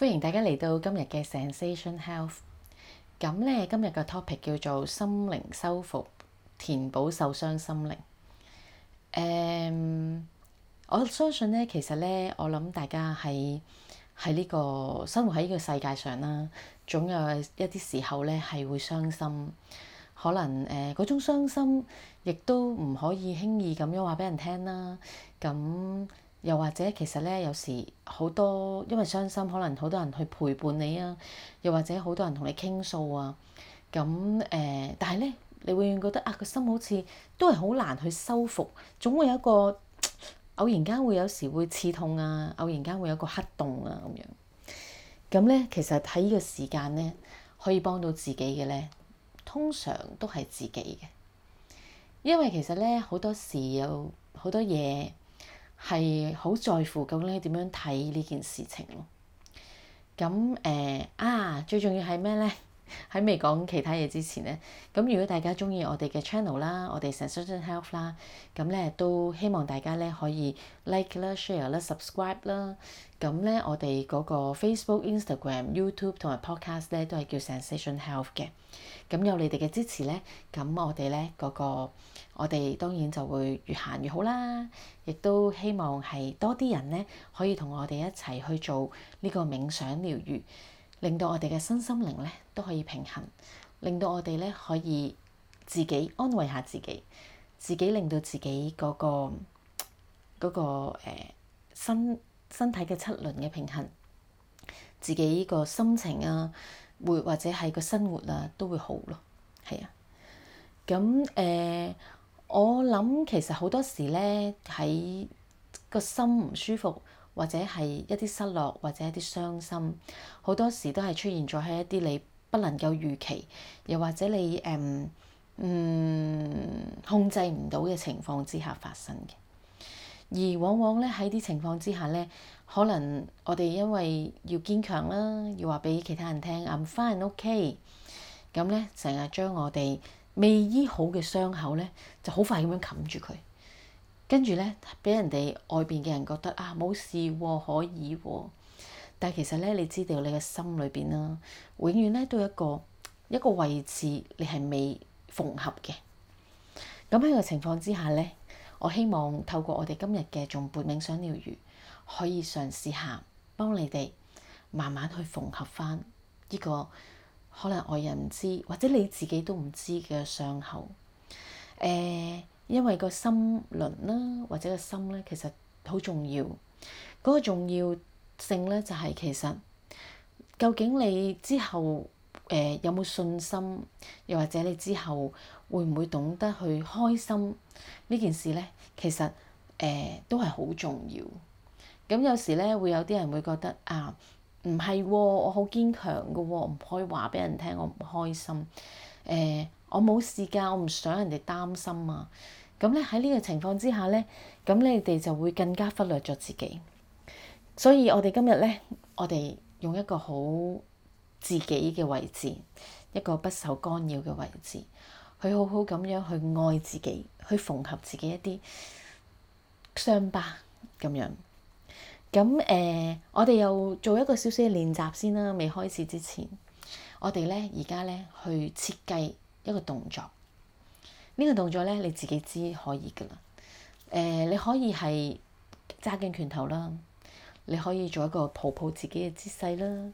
歡迎大家嚟到今日嘅 Zensation Health。咁咧，今日嘅 topic 叫做心靈修復，填補受傷心靈。誒、嗯，我相信咧，其實咧，我諗大家喺喺呢個生活喺呢個世界上啦，總有一啲時候咧係會傷心。可能誒，嗰、呃、種傷心，亦都唔可以輕易咁樣話俾人聽啦。咁。又或者其實咧，有時好多因為傷心，可能好多人去陪伴你啊，又或者好多人同你傾訴啊。咁、嗯、誒，但係咧，你永遠覺得啊，個心好似都係好難去修復，總會有一個偶然間會有時會刺痛啊，偶然間會有一個黑洞啊咁樣。咁、嗯、咧，其實喺呢個時間咧，可以幫到自己嘅咧，通常都係自己嘅，因為其實咧好多時有好多嘢。係好在乎究竟佢點樣睇呢件事情咯，咁誒、呃、啊，最重要係咩咧？喺未講其他嘢之前咧，咁如果大家鍾意我哋嘅 channel 啦，我哋 Zensation Health 啦，咁咧都希望大家咧可以 like 啦、share 啦、subscribe 啦，咁咧我哋嗰個 Facebook、Instagram、YouTube 同埋 Podcast 咧都係叫 Zensation Health 嘅。咁有你哋嘅支持咧，咁我哋咧嗰個我哋當然就會越行越好啦，亦都希望係多啲人咧可以同我哋一齊去做呢個冥想療癒。令到我哋嘅身心靈咧都可以平衡，令到我哋咧可以自己安慰下自己，自己令到自己嗰、個嗰、個呃、身身體嘅七輪嘅平衡，自己個心情啊，會或者係個生活啊都會好咯，係啊。咁誒、呃，我諗其實好多時咧喺個心唔舒服。或者係一啲失落，或者一啲傷心，好多時都係出現咗喺一啲你不能夠預期，又或者你誒嗯，嗯控制唔到嘅情況之下發生嘅。而往往咧喺啲情況之下咧，可能我哋因為要堅強啦，要話俾其他人聽 I'm fine, okay。咁咧，成日將我哋未醫好嘅傷口咧，就好快咁樣冚住佢。跟住咧，俾人哋外邊嘅人覺得啊，冇事喎、啊，可以喎、啊。但係其實咧，你知道你嘅心裏邊啦，永遠咧都有一個一個位置你，你係未縫合嘅。咁喺個情況之下咧，我希望透過我哋今日嘅頌缽冥想療癒，可以嘗試下幫你哋慢慢去縫合翻呢、這個可能外人唔知或者你自己都唔知嘅傷口。誒。因為個心輪啦，或者個心咧，其實好重要。嗰個重要性咧，就係其實究竟你之後誒有冇信心，又或者你之後會唔會懂得去開心呢件事咧？其實誒都係好重要。咁有時咧會有啲人會覺得啊，唔係我好堅強嘅，唔可以話俾人聽我唔開心。誒，我冇事㗎，我唔想人哋擔心啊！咁咧喺呢個情況之下呢，咁你哋就會更加忽略咗自己。所以，我哋今日呢，我哋用一個好自己嘅位置，一個不受干擾嘅位置，去好好咁樣去愛自己，去縫合自己一啲傷疤咁樣。咁誒、呃，我哋又做一個小小嘅練習先啦。未開始之前，我哋呢而家呢去設計一個動作。呢個動作咧，你自己知可以㗎啦。誒、呃，你可以係揸緊拳頭啦，你可以做一個抱抱自己嘅姿勢啦，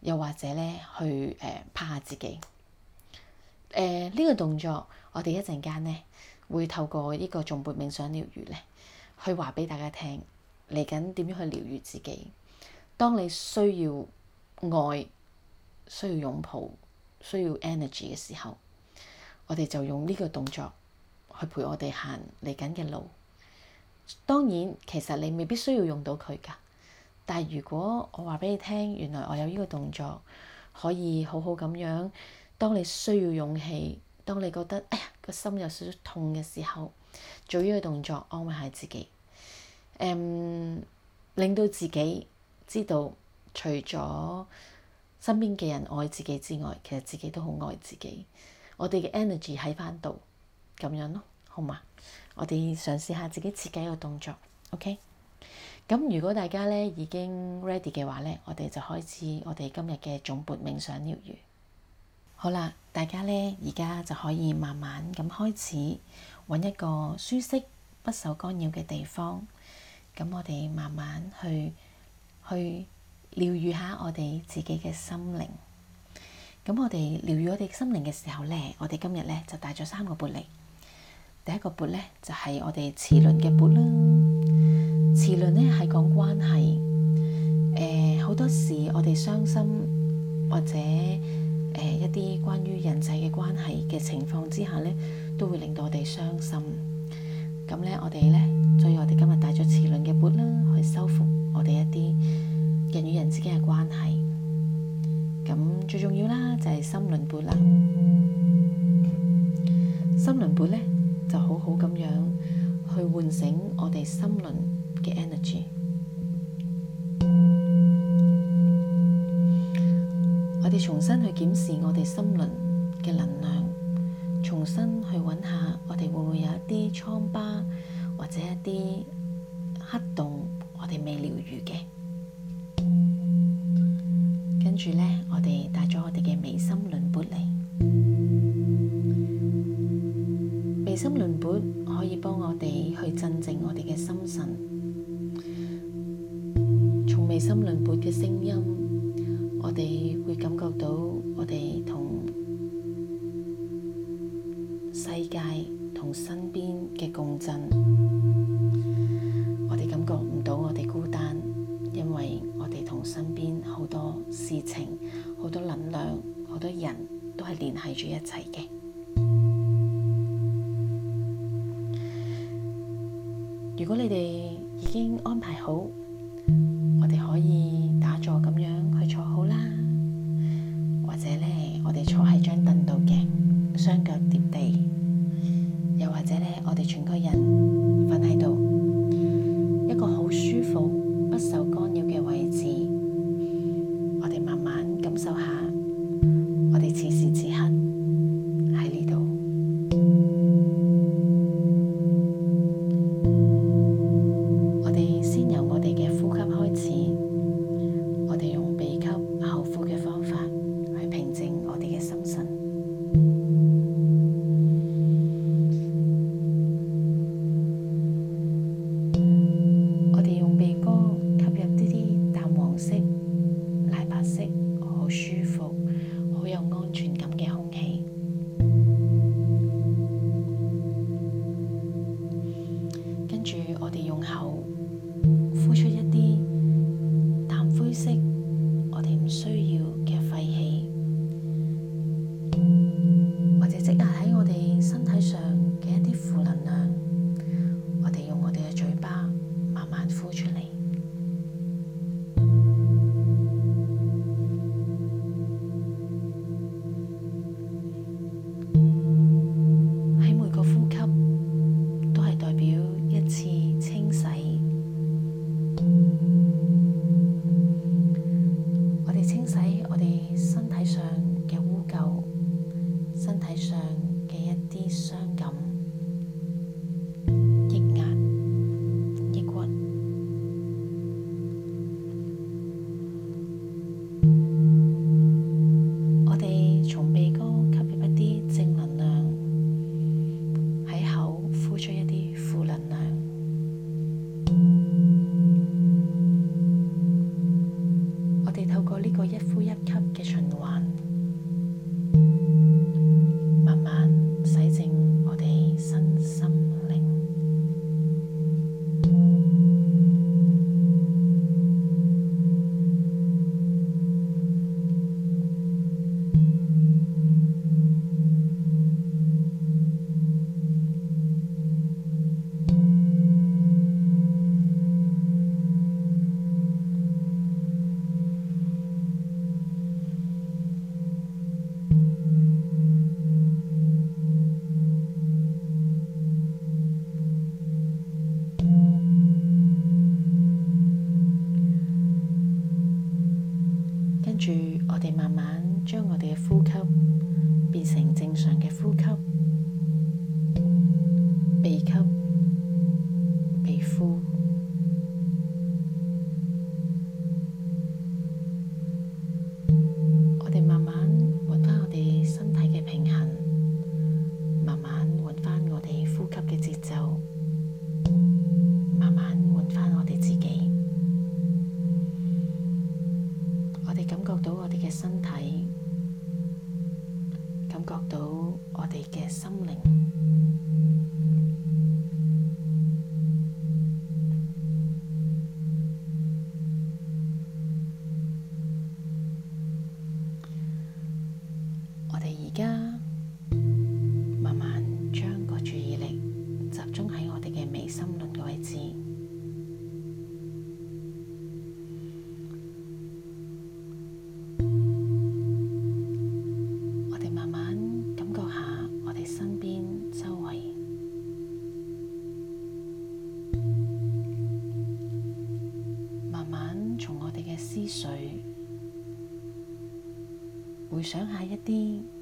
又或者咧去誒拍下自己。誒、呃，呢、這個動作，我哋一陣間咧會透過呢個頌缽冥想療愈咧，去話俾大家聽，嚟緊點樣去療愈自己。當你需要愛、需要擁抱、需要 energy 嘅時候。我哋就用呢個動作去陪我哋行嚟緊嘅路。當然，其實你未必需要用到佢㗎。但係如果我話俾你聽，原來我有呢個動作可以好好咁樣。當你需要勇氣，當你覺得哎呀個心有少少痛嘅時候，做呢個動作安慰下自己，嗯，令到自己知道，除咗身邊嘅人愛自己之外，其實自己都好愛自己。我哋嘅 energy 喺返度，咁樣咯，好嘛？我哋嘗試下自己設計一個動作，OK？咁如果大家咧已經 ready 嘅話咧，我哋就開始我哋今日嘅頌缽冥想療癒。好啦，大家咧而家就可以慢慢咁開始搵一個舒適、不受干擾嘅地方，咁我哋慢慢去去療癒下我哋自己嘅心靈。咁我哋療癒我哋心靈嘅時候呢，我哋今日呢就帶咗三個缽嚟。第一個缽呢，就係、是、我哋臍輪嘅缽啦。臍輪呢係講關係。誒、呃，好多時我哋傷心或者誒、呃、一啲關於人際嘅關係嘅情況之下呢，都會令到我哋傷心。咁呢，我哋呢，所以我哋今日帶咗臍輪嘅缽啦，去修復我哋一啲人與人之間嘅關係。咁最重要啦，就係心輪缽啦。心輪缽呢，就好好咁樣去喚醒我哋心輪嘅 energy。 我哋重新去檢視我哋心輪嘅能量，重新去揾下我哋會唔會有一啲瘡疤或者一啲黑洞我，我哋未療癒嘅。微心輪缽嚟，微心輪缽可以幫我哋去鎮靜我哋嘅心神。從微心輪缽嘅聲音，我哋會感覺到我哋同世界同身邊嘅共振。我哋感覺唔到我哋孤單，因為我哋同身邊好多事情。好多人都係連繫住一齊嘅。如果你哋已經安排好。將我哋嘅呼吸變成正常嘅呼吸，鼻吸鼻呼，我哋慢慢換翻我哋身體嘅平衡，慢慢換翻我哋呼吸嘅節奏，慢慢換翻我哋自己，我哋感覺到我哋嘅身體。覺到我哋嘅心靈。回想下一啲。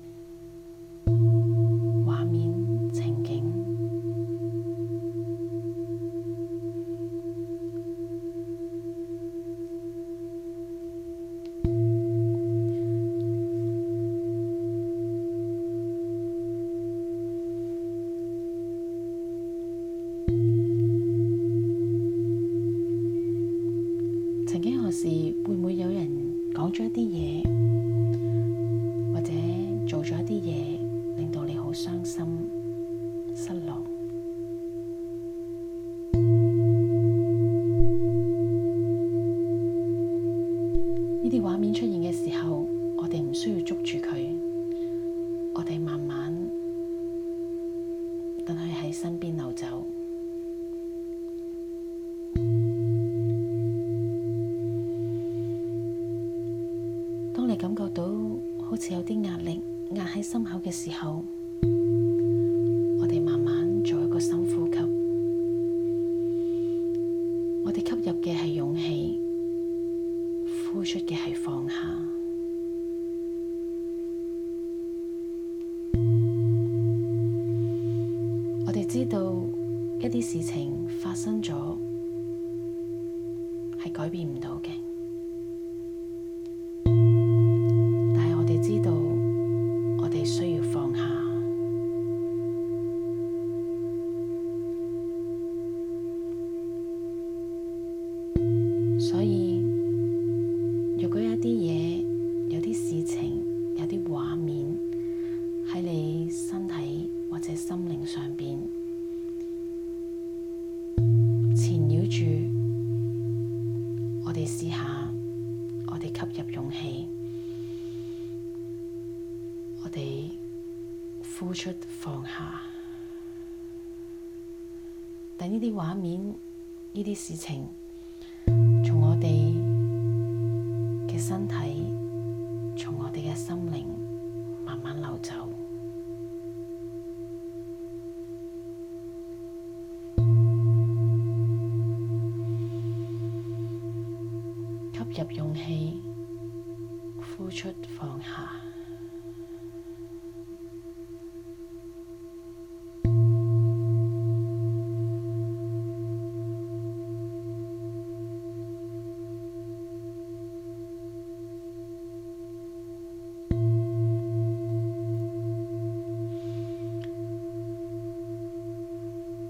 知道一啲事情發生咗，係改變唔到嘅。啊、但呢啲畫面、呢啲事情，從我哋嘅身體，從我哋嘅心靈，慢慢流走。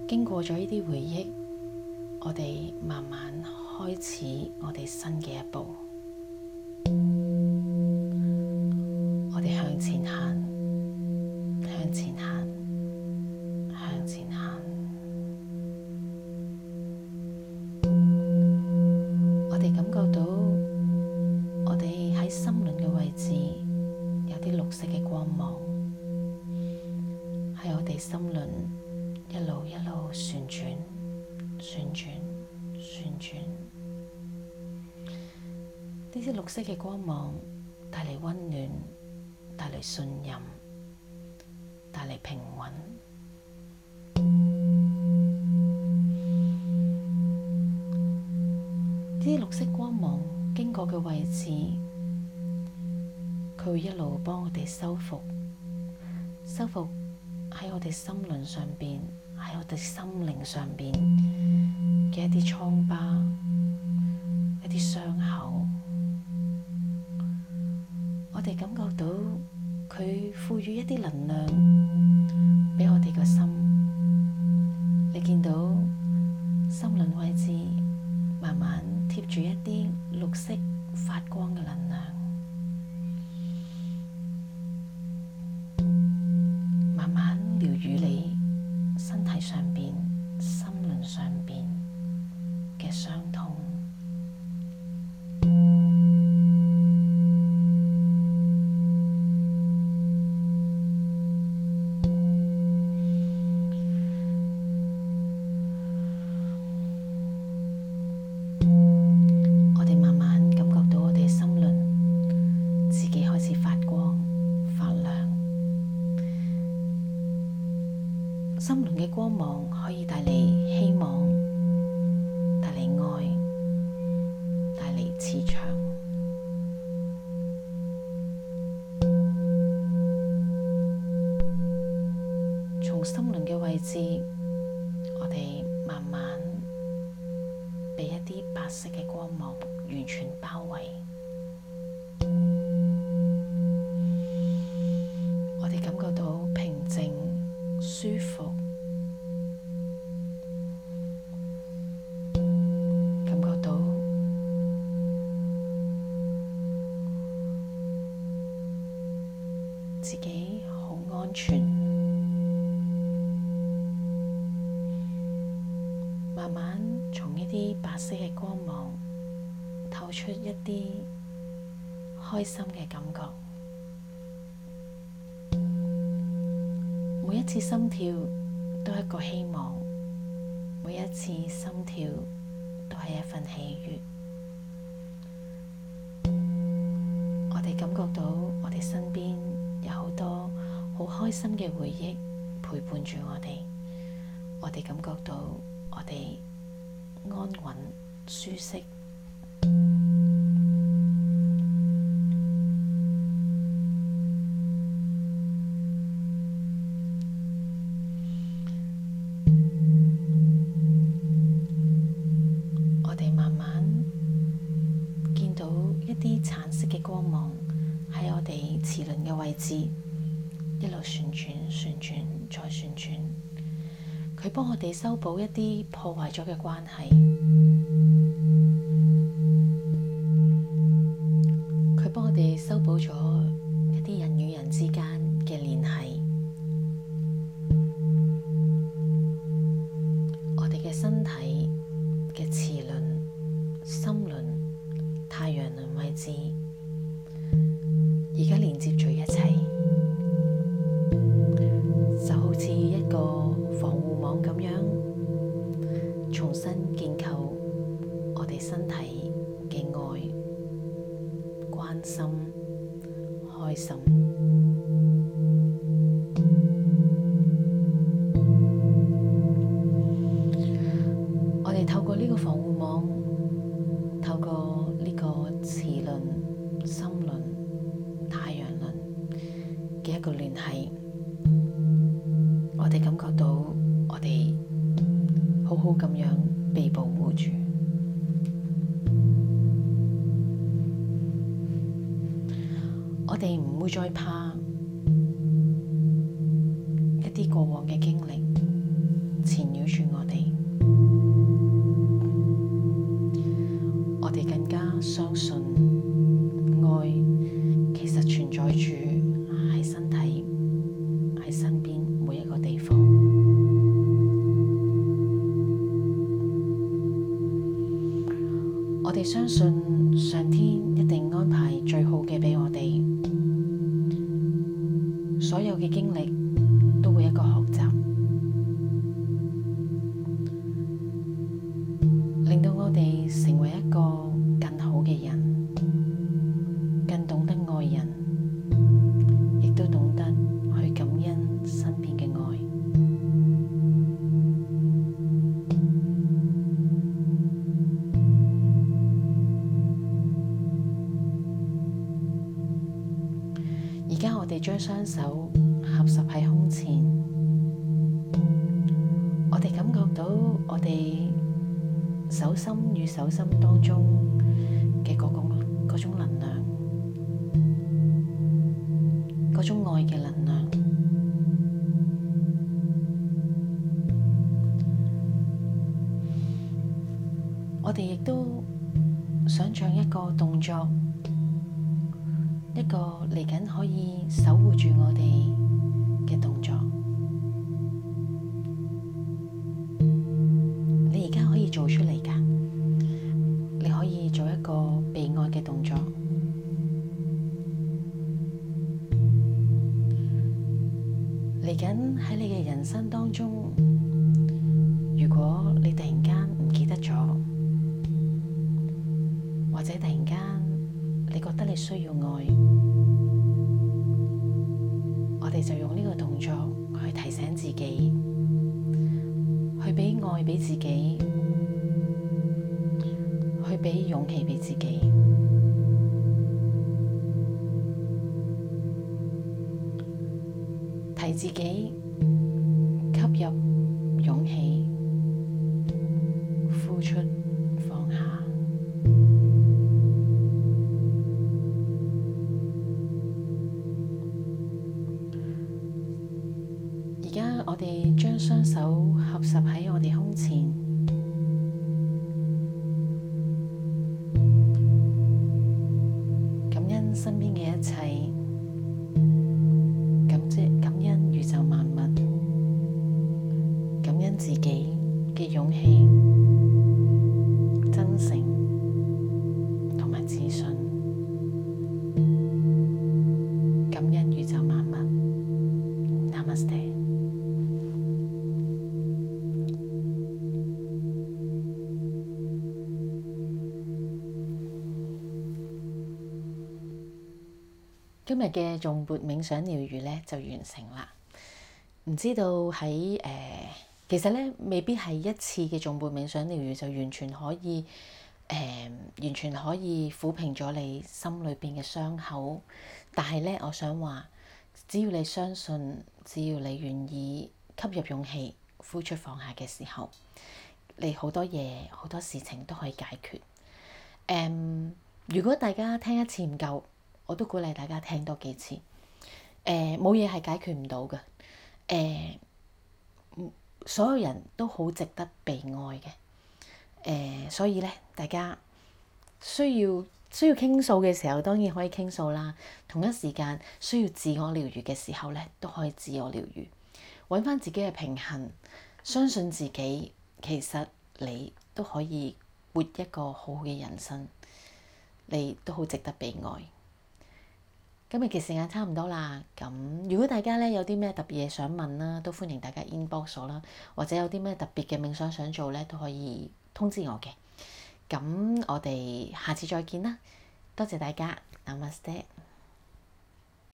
經過咗呢啲回憶，我哋慢慢開始我哋新嘅一步。帶嚟平穩。啲綠色光芒經過嘅位置，佢會一路幫我哋修復，修復喺我哋心輪上邊，喺我哋心靈上邊嘅一啲瘡疤，一啲傷。啲能量畀我哋個心，你見到心輪位置慢慢貼住一啲綠色發光嘅能量，慢慢療愈你身體上邊。我哋慢慢畀一啲白色嘅光芒完全包圍。開心嘅感覺，每一次心跳都係一個希望，每一次心跳都係一份喜悦。我哋感覺到我哋身邊有好多好開心嘅回憶陪伴住我哋，我哋感覺到我哋安穩舒適。光芒喺我哋臍輪嘅位置，一路旋轉、旋轉再旋轉，佢幫我哋修補一啲破壞咗嘅關係。身體嘅愛、關心、開心。唔會再怕一啲過往嘅經歷纏繞住我哋，我哋更加相信。將雙手合十喺胸前，我哋感覺到我哋手心與手心當中嘅嗰種嗰種能量，嗰種愛嘅能量，我哋亦都想象一個動作。一個嚟緊可以守護住我哋嘅動作，你而家可以做出嚟㗎，你可以做一個被愛嘅動作，嚟緊喺你嘅人生當中。吸入，勇氣，呼出，放下。而家我哋將雙手合十喺我哋胸前。今日嘅頌缽冥想療癒咧就完成啦。唔知道喺誒、呃，其實咧未必係一次嘅頌缽冥想療癒就完全可以誒、呃，完全可以撫平咗你心裏邊嘅傷口。但係咧，我想話。只要你相信，只要你願意吸入勇氣，呼出放下嘅時候，你好多嘢好多事情都可以解決。誒，um，如果大家聽一次唔夠，我都鼓勵大家聽多幾次。誒，冇嘢係解決唔到嘅。誒，uh，所有人都好值得被愛嘅。誒，uh，所以咧，大家需要。需要傾訴嘅時候當然可以傾訴啦，同一時間需要自我療癒嘅時候咧，都可以自我療癒，揾返自己嘅平衡，相信自己，其實你都可以活一個好嘅人生，你都好值得被愛。今日嘅時間差唔多啦，咁如果大家咧，有啲咩特別嘢想問啦，都歡迎大家 inbox 啦，或者有啲咩特別嘅冥想想做咧，都可以通知我嘅。咁我哋下次再見啦，多謝大家，Namaste。